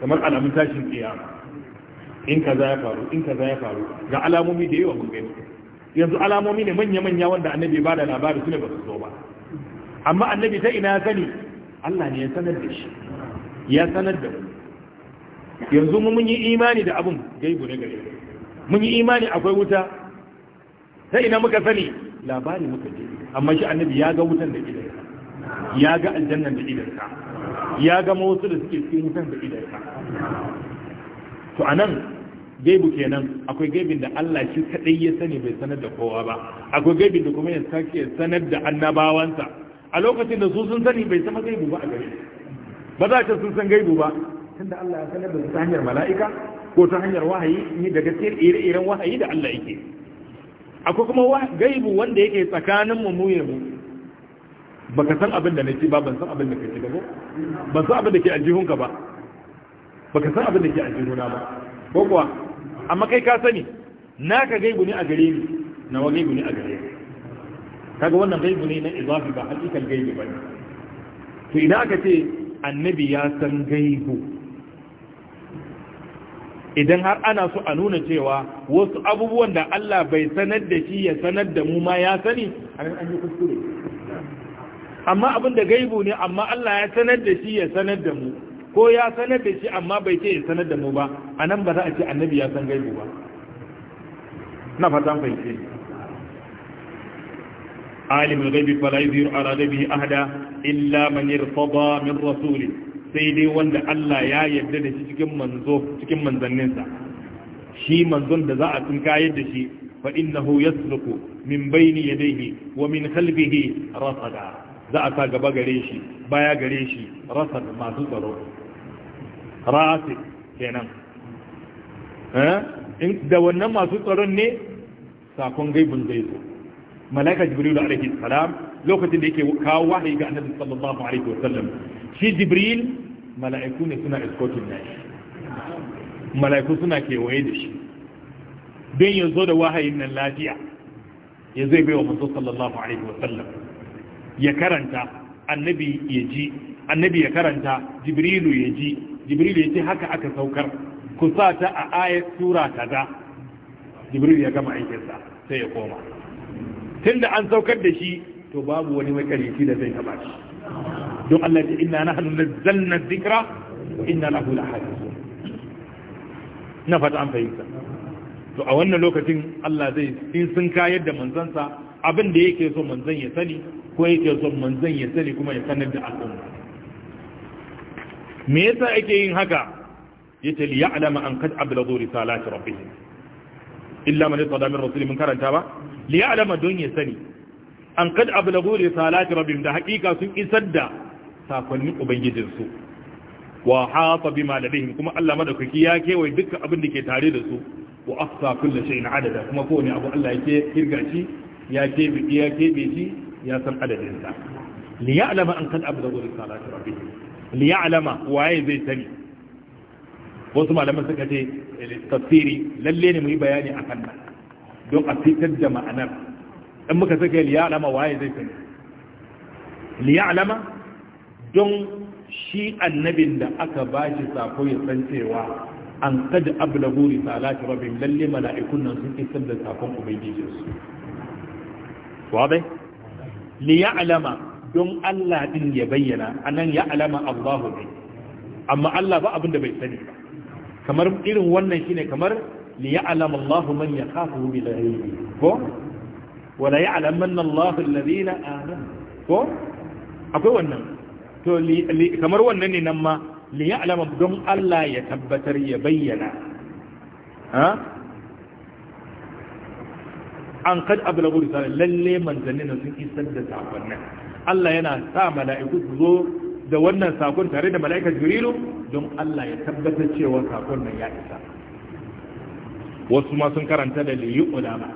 kamar alamun tashin kiyama in kaza ya faru in kaza ya faru ga alamomi da yawa mun gani yanzu alamomi ne manya-manya wanda annabi ba da labari su ne ba su zo ba amma annabi ta ina sani Allah ne ya sanar da shi ya sanar da mu yanzu mun yi imani da abun gaibu na gare mun yi imani akwai wuta sai ina muka sani labari muka je amma shi annabi ya ga wutan da idansa ya ga aljannan da idansa ya ga wasu da suke cikin wutan da idansa to anan gaibu kenan akwai gaibin da Allah shi kadai ya sani bai sanar da kowa ba akwai gaibin da kuma ya sake sanar da annabawansa a lokacin da su sun sani bai sama gaibu ba a gare ba za ta sun san gaibu ba tunda Allah ya sanar da su ta hanyar mala'ika ko ta hanyar wahayi da gaske ire-iren wahayi da Allah yake akwai kuma gaibu wanda yake tsakanin mu mu yemu baka san abin da nake ba ban san abin da kake ba ban san abin da ke ka ba baka san abin da ke aljihuna ba ko kuwa amma kai ka sani naka gaibu ne a gare ni nawa gaibu ne a gare ni kaga wannan gaibu ne na izafi ba hakikal gaibu ba to idan aka ce annabi ya san gaibu idan har ana so a nuna cewa wasu abubuwan da Allah bai sanar da shi ya sanar da mu ma ya sani a nan an yi kuskure amma abin da gaibu ne amma Allah ya sanar da shi ya sanar da mu ko ya sanar da shi amma bai ce ya sanar da mu ba a nan ba za a ce annabi ya san gaibu ba na fatan fahimce alimul gaibi fala yuzir ala ghaibihi ahada illa man irtada min rasulih sai dai wanda Allah ya yarda da shi cikin manzo cikin manzanninsa shi manzon da za a tsinkayar da shi fa innahu yasluku min bayni yadayhi wa min khalfihi rasada za a sa gaba gare shi baya gare shi rasad masu tsaro rasi kenan eh da wannan masu tsaron ne sakon gaibun zai zo malaika jibril alaihi salam lokacin da yake kawo wahayi ga annabi sallallahu alaihi wasallam shi jibril mala'iku ne suna iskotin na shi mala'iku suna kewaye da shi don ya zo da wahayin nan lafiya ya zai bai wa manzo sallallahu alaihi wasallam ya karanta annabi ya ji annabi ya karanta jibrilu ya ji jibrilu ya ce haka aka saukar ku sa ta a ayat sura kaza jibrilu ya gama aikinsa sai ya koma tunda an saukar da shi to babu wani makarici da zai taba shi don Allah ya na nahnu nazzalna dhikra wa inna lahu lahafizun na fata an fahimta to a wannan lokacin Allah zai in sun kayar da manzansa abin da yake so manzan ya sani ko yake so manzan ya sani kuma ya sanar da al'umma me yasa ake yin haka Ya yace li alama an qad ablagu risalati rabbih illa man yata min rasul mun karanta ba li alama don ya sani an qad ablagu risalati rabbih da hakika sun isar da sakonnin ubangijinsu wa hafa bi maladihim kuma Allah madaukaki ya kewaye dukkan abin da ke tare da su wa afsa kullu shay'in adada kuma kowane abu Allah yake kirga shi ya kebe ya kebe shi ya san adadin sa li ya'lama an kad abdahu risalati rabbih li ya'lama waye zai sani wasu malaman suka ce tafsiri lalle ne mu yi bayani akan nan don a fitar da ma'anar in muka saka li ya'lama waye zai sani li ya'lama don shi annabin da aka ba shi sako ya san cewa an kada ablahu risalati rabbihim lalle mala'ikun nan sun isar da sakon ubangiji su wabe li ya'lama don Allah din ya bayyana anan ya'lama Allahu bi amma Allah ba abin da bai sani ba kamar irin wannan shine kamar li ya'lama Allahu man yakhafu bil ghaibi ko wala ya'lamanna Allahu alladhina amanu ko akwai wannan to kamar wannan ne nan ma li ya'lama don Allah ya tabbatar ya bayyana ha an kad ablagu risala lalle manzanni na sun isar da sakon nan Allah yana sa mala'iku su zo da wannan sakon tare da mala'ikat jibrilu don Allah ya tabbatar cewa sakon nan ya isa wasu ma sun karanta da liyu ulama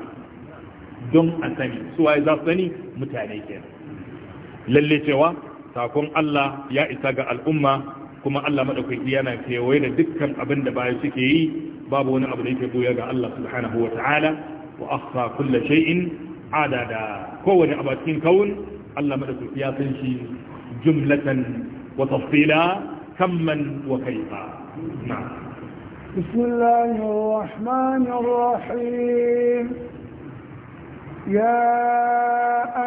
don a sani su waye za su sani mutane kenan lalle cewa sakon Allah ya isa ga al'umma kuma Allah madaukaki yana kewaye da dukkan abin da bayan suke yi babu wani abu da yake goya ga Allah subhanahu wa ta'ala wa akhfa kulli shay'in adada kowane abu cikin kaun Allah madaukaki ya san shi jumlatan wa tafsila kamman wa kayfa na'am بسم الله الرحمن الرحيم يا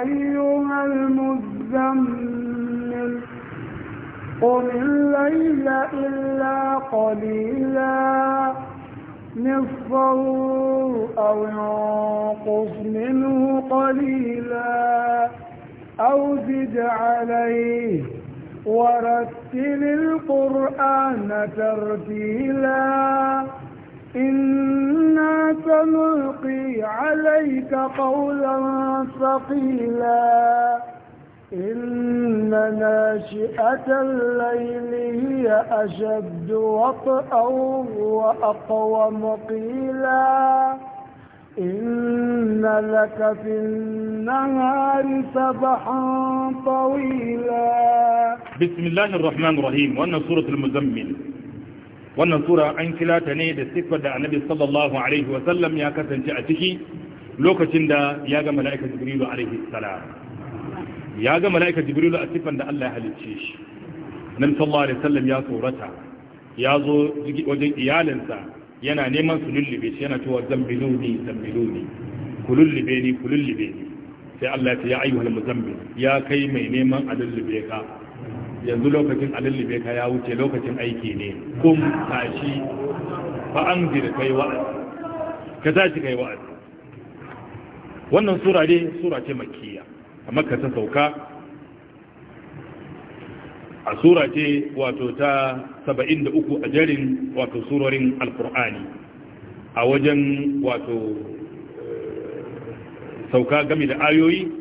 أيها مزمل قم الليل إلا قليلا نصفه أو ينقص منه قليلا أو زد عليه ورتل القرآن ترتيلا إنا سنلقي عليك قولا ثقيلا إن ناشئة الليل هي أشد وطئا وأقوى مقيلا إن لك في النهار سبحا طويلا بسم الله الرحمن الرحيم وأن سورة المزمل وأن سورة عن كلا تنيد السفة دع النبي صلى الله عليه وسلم يا كتن شأتك لوكة شندا يا جملائك جبريل عليه السلام ya ga mala'ika jibrilu a sifan da Allah ya halicce shi nan sallallahu alaihi wasallam ya tsorata ya zo wajen iyalinsa yana neman su lullube shi yana cewa zambiluni zambiluni ku lullube ni ku lullube ni sai Allah ya ce ya al muzammil ya kai mai neman a lullube ka yanzu lokacin a lullube ka ya wuce lokacin aiki ne kum tashi fa anzir kai wa'azi ka tashi kai wa'azi wannan sura dai sura ce makkiya a makka ta sauka a sura ce wato ta 73 a jarin wato surorin alkur'ani a wajen wato eh, sauka game da ayoyi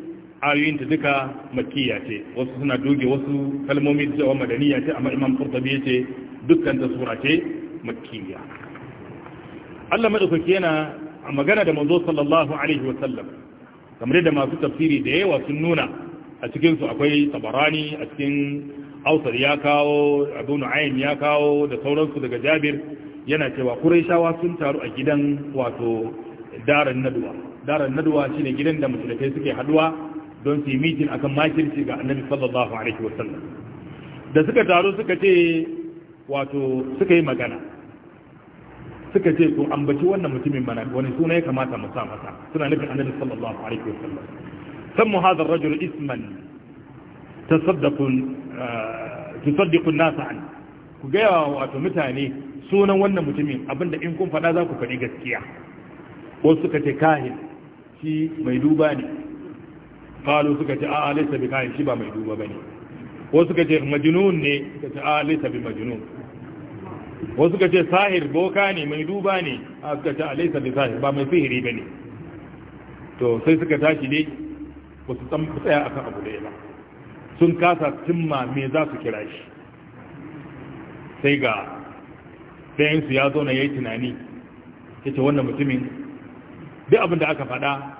ayoyin ta duka makiya ce wasu suna doge wasu kalmomi da cewa madaniya ce amma imam kurtabi ya ce dukkan ta sura ce makiya Allah madaukaki yana magana da manzo sallallahu alaihi wa sallam kamar da masu tafsiri da yawa sun nuna a cikinsu akwai tabarani a cikin autar ya kawo abu nu'aym ya kawo da sauransu daga jabir yana cewa shawa sun taru a gidan wato daran nadwa naduwa shi shine gidan da musulmai suke haduwa don su yi mitin akan makirci ga annabi sallallahu alaihi wasallam da suka taru suka ce wato suka yi magana suka ce to ambaci wannan mutumin mana wani suna ya kamata mu sa masa suna nufin annabi sallallahu alaihi wasallam sammu hadha ar-rajul isman tasaddaqun eh, tusaddiqu an-nas an ku ga wato mutane sunan wannan mutumin abinda in kun fada za ku faɗi gaskiya wasu suka ce kahin shi mai duba ne qalu suka ce a'a laysa bi kahin shi ba mai duba bane wasu suka ce majnun ne suka ce a'a laysa bi majnun wasu ka ce sahir boka ne mai duba ne a suka ce alaisa da sahir ba mai sihiri ba ne to sai suka tashi ne ba su tsaya akan abu da ba sun kasa cimma me za su kira shi sai ga ɗayansu ya zo na ya yi tunani ya ce wannan mutumin duk abin da aka faɗa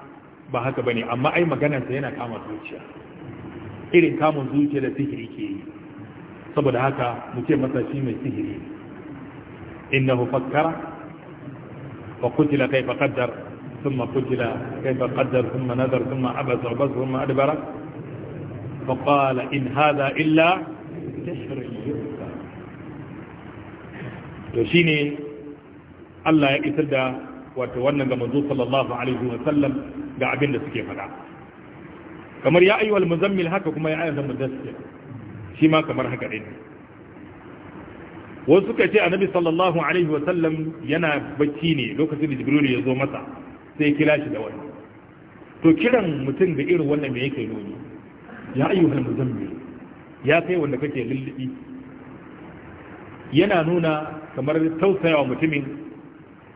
ba haka ba ne amma ai maganarsa yana kama zuciya irin kamun zuciya da sihiri ke yi saboda haka mu ce masa mai sihiri إنه فكر وقتل كيف قدر ثم قتل كيف قدر ثم نذر ثم عبس وبس ثم أدبر فقال إن هذا إلا سحر يؤثر وشيني الله يكتدى وتوانا منذ صلى الله عليه وسلم قاعدين لسكي فدا كمر يا أيها المزمل هكا كما يا أيها المدسر شما كمر هكا إنه wasu ka ce annabi sallallahu alaihi wa sallam yana bacci ne lokacin da jibril ya zo masa sai kira shi da wani to kiran mutum da irin wannan me yake nuni ya ayyuhal muzammil ya kai wanda kake lullubi yana nuna kamar tausayawa mutumin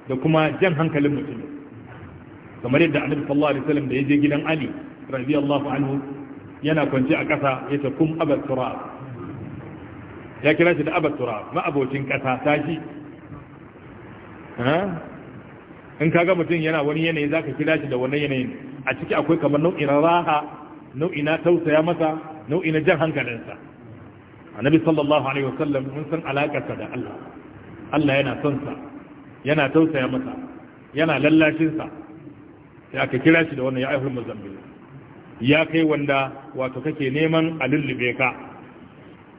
da kuma jan hankalin mutumin kamar yadda annabi sallallahu alaihi wasallam da ya je gidan Ali radiyallahu anhu yana kwance a ƙasa yace kum abat turab ya kira shi da abar ma'abocin ƙasa tashi in kaga mutum yana wani yanayi za ka kira shi da wannan yanayin a ciki akwai kamar nau'in raha nau'in na tausaya masa nau'in na jan hankalinsa A nabi sallallahu alaihi wasallam mun san alaƙarsa da Allah Allah yana son sa yana tausaya masa yana lallashinsa. sa sai aka kira shi da wannan ya aihul muzambil ya kai wanda wato kake neman a lullube ka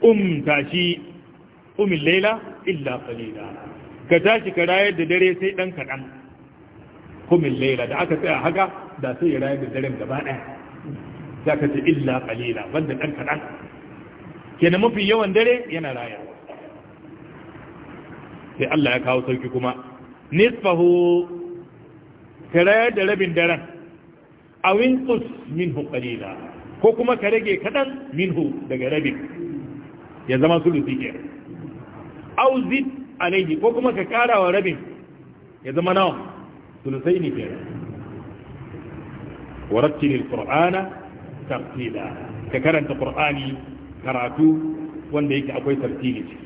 um tashi umin laila illa qalila ka tashi ka rayar da dare sai dan kadan umin laila da aka tsaya haka da sai ya rayar da daren gaba daya za ka ce illa qalila wanda dan kadan kenan mafi yawan dare yana rayarwa sai Allah ya kawo sauki kuma nisfahu ka rayar da rabin daren awin min hu qalila ko kuma ka rage kadan hu daga rabin ya zama sulusi ke au zid alaihi ko kuma ka kara wa rabin ya zama nawa sulusai ne ke warattilil qur'ana tartila ka karanta qur'ani karatu wanda yake akwai tartili ciki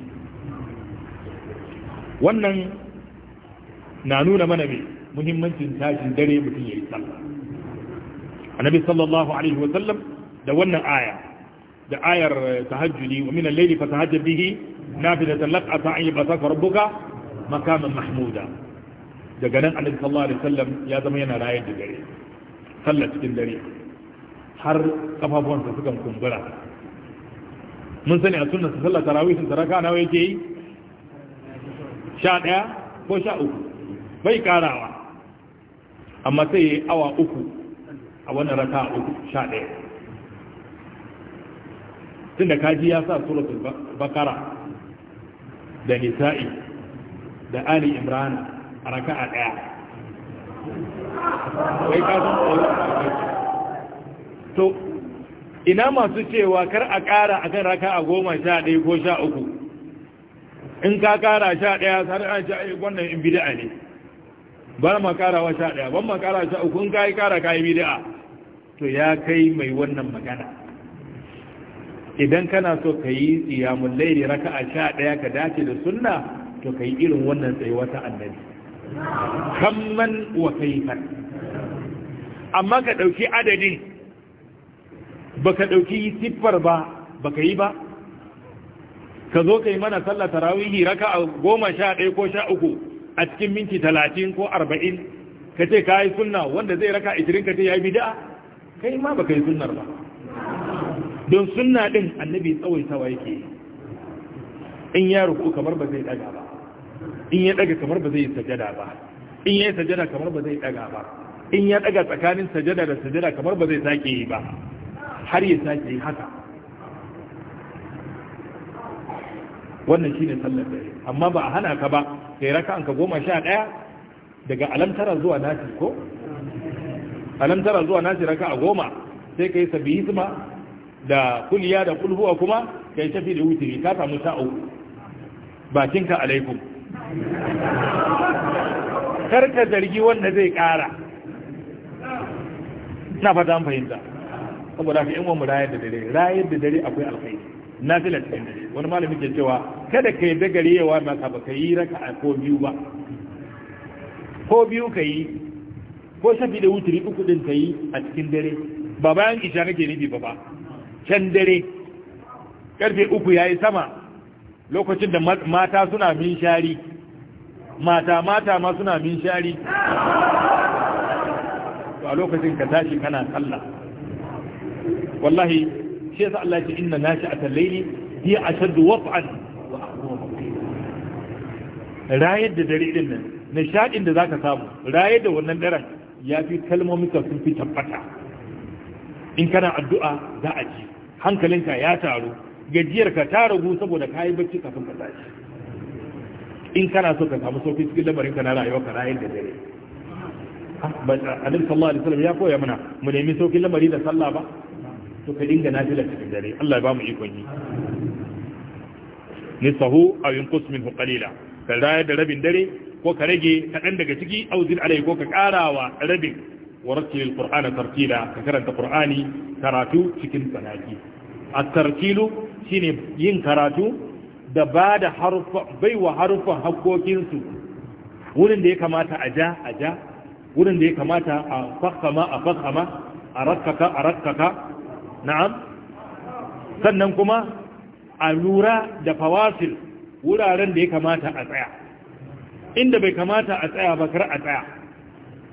wannan na nuna mana mai muhimmancin tashin dare mutum ya yi sallah annabi sallallahu alaihi wasallam da wannan aya da ayar tahajjudi wa min al-layli fatahajjab bihi nafilatan lak asa an yabasaka rabbuka makaman mahmuda daga nan annabi sallallahu alaihi wasallam ya zama yana rayar da dare sallar cikin dare har kafafuwansa suka kumbura mun sani a sunnar sallar tarawih sun taraka nawa yake yi sha ɗaya ko sha uku bai karawa amma sai awa uku a wannan raka uku sha ɗaya tun da kaji ya sa suratul bakara da nisa'i da ali imran a raka'a daya wai ka san to ina masu cewa kar a ƙara akan raka'a goma sha ɗaya ko sha uku in ka ƙara sha ɗaya har an sha wannan in bida ne bar ma wa sha ɗaya ban ma ƙara sha uku in ka yi ƙara ka yi bida'a to ya kai mai wannan magana idan kana so ka yi tsiyamun laili raka a sha ɗaya ka dace da sunna to ka yi irin wannan tsaye wata annabi kamman wa kaifan amma ka ɗauki adadin ba ka ɗauki siffar ba ba ka yi ba ka zo ka yi mana sallah tarawihi raka a goma sha ɗaya ko sha uku a cikin minti talatin ko arba'in ka ce ka yi sunna wanda zai raka ishirin ka ce ya yi bida kai ma ba ka yi sunnar ba don sunna din annabi tsawaitawa yake in ya ruku kamar ba zai daga ba in ya daga kamar ba zai sajada ba in ya sajada kamar ba zai daga ba in ya daga tsakanin sajada da sajada kamar ba zai sake yi ba har ya sake yi haka wannan shine sallar dare amma ba a hana ka ba kai an ka goma sha ɗaya daga alamtara zuwa nasi ko alamtara zuwa nasi a goma sai ka yi sabi hizma da kuliya da kulhuwa kuma kai tafi da wutiri ka samu sa'o bakinka alaikum karka zargi wanda zai kara na fata an fahimta saboda ka yan mu rayar da dare rayar da dare akwai alkhairi na fi cikin dare wani malami ke cewa kada ka yi dagarewa maka ba ka yi raka a ko biyu ba ko biyu ka yi ko shafi da wutiri uku din ka yi a cikin dare ba bayan isha kake nufi ba ba can dare karfe uku ya yi sama lokacin da mata suna min shari mata mata ma suna min shari a lokacin ka tashi kana sallah wallahi shi yasa Allah ce inna nashi'atal layli hiya ashaddu wat'an wa aqwa rayar da dare din nan nishadin da zaka samu rayar da wannan daren yafi kalmomin ka sun fi tabbata in kana addu'a za a ji hankalinka ya taru gajiyarka ta ragu saboda ka yi bacci kafin ka tashi in kana so ka samu sauki cikin lamarin ka na rayuwa ka rayar da dare ah, annabi sallallahu alaihi wasallam ya koya mana mu nemi saukin lamari da sallah ba to ka dinga nafila cikin dare Allah ya ba mu ikon yi nisahu aw yunqus minhu qalila ka rayar da rabin dare ko ka rage kaɗan daga ciki auzir alai ko ka karawa rabin warattil alqur'ana tartila ka karanta qur'ani karatu cikin tsanaki at-tartilu shine yin karatu da bada harfa baiwa harfan hakokin wurin da ya kamata a ja a ja wurin da ya kamata a fakhama a fakhama a rakkaka a rakkaka na'am sannan kuma a lura da fawasil wuraren da ya kamata a tsaya inda bai kamata a tsaya ba kar a tsaya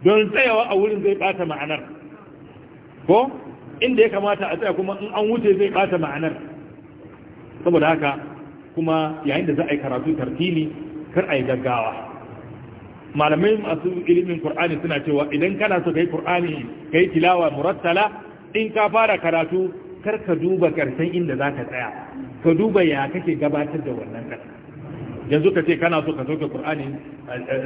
don tsayawa a wurin zai bata ma'anar ko inda ya kamata a tsaya kuma in an wuce zai bata ma'anar saboda haka kuma yayin da za a yi karatu tartili kar a yi gaggawa malamai masu ilimin qur'ani suna cewa idan kana so kai qur'ani kai tilawa murattala in ka fara karatu kar ka duba karshen inda zaka tsaya ka duba ya kake gabatar da wannan karatu yanzu ka ce kana so ka soke Qur'ani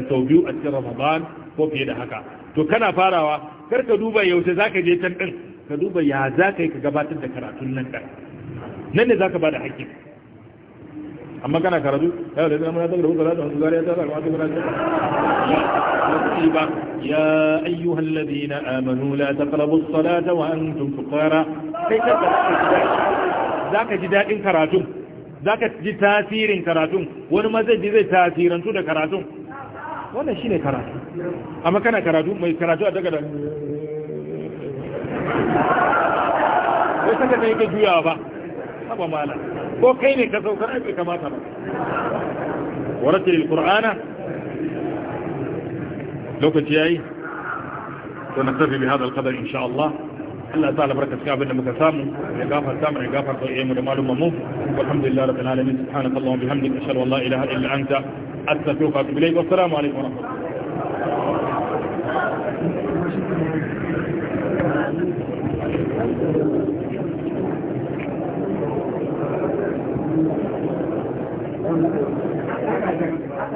sau biyu a cikin Ramadan ko fiye da haka to kana farawa kar ka duba yaushe zaka je can din ka duba ya zaka yi ka gabatar da karatun nan din nan ne zaka bada haƙƙi amma kana karatu ya da zama na daga rubuta da wasu zariya ta zaka wata karatu ba ya ayyuhal ladina amanu la taqrabu as-salata wa antum fuqara kai ka zaka ji dadin karatun zaka ji tasirin karatun wani ma zai ji zai tasirantu da karatun wannan shine karatu amma kana karatu mai karatu a daga da ya saka sai ka juyawa ba haba mala ko kai ne ka saukar ake kamata ba warati alqur'ana lokaci yayi to nastafi bi hada alqadar insha Allah Allah ta albarka cikin abin da muka samu ya gafarta mana ya gafarta iyayen mu da malumman mu walhamdulillah rabbil alamin subhanallahi wa bihamdika ashhadu an la ilaha illa anta astaghfiruka wa atubu ilayk wa assalamu alaikum wa rahmatullahi Thank you.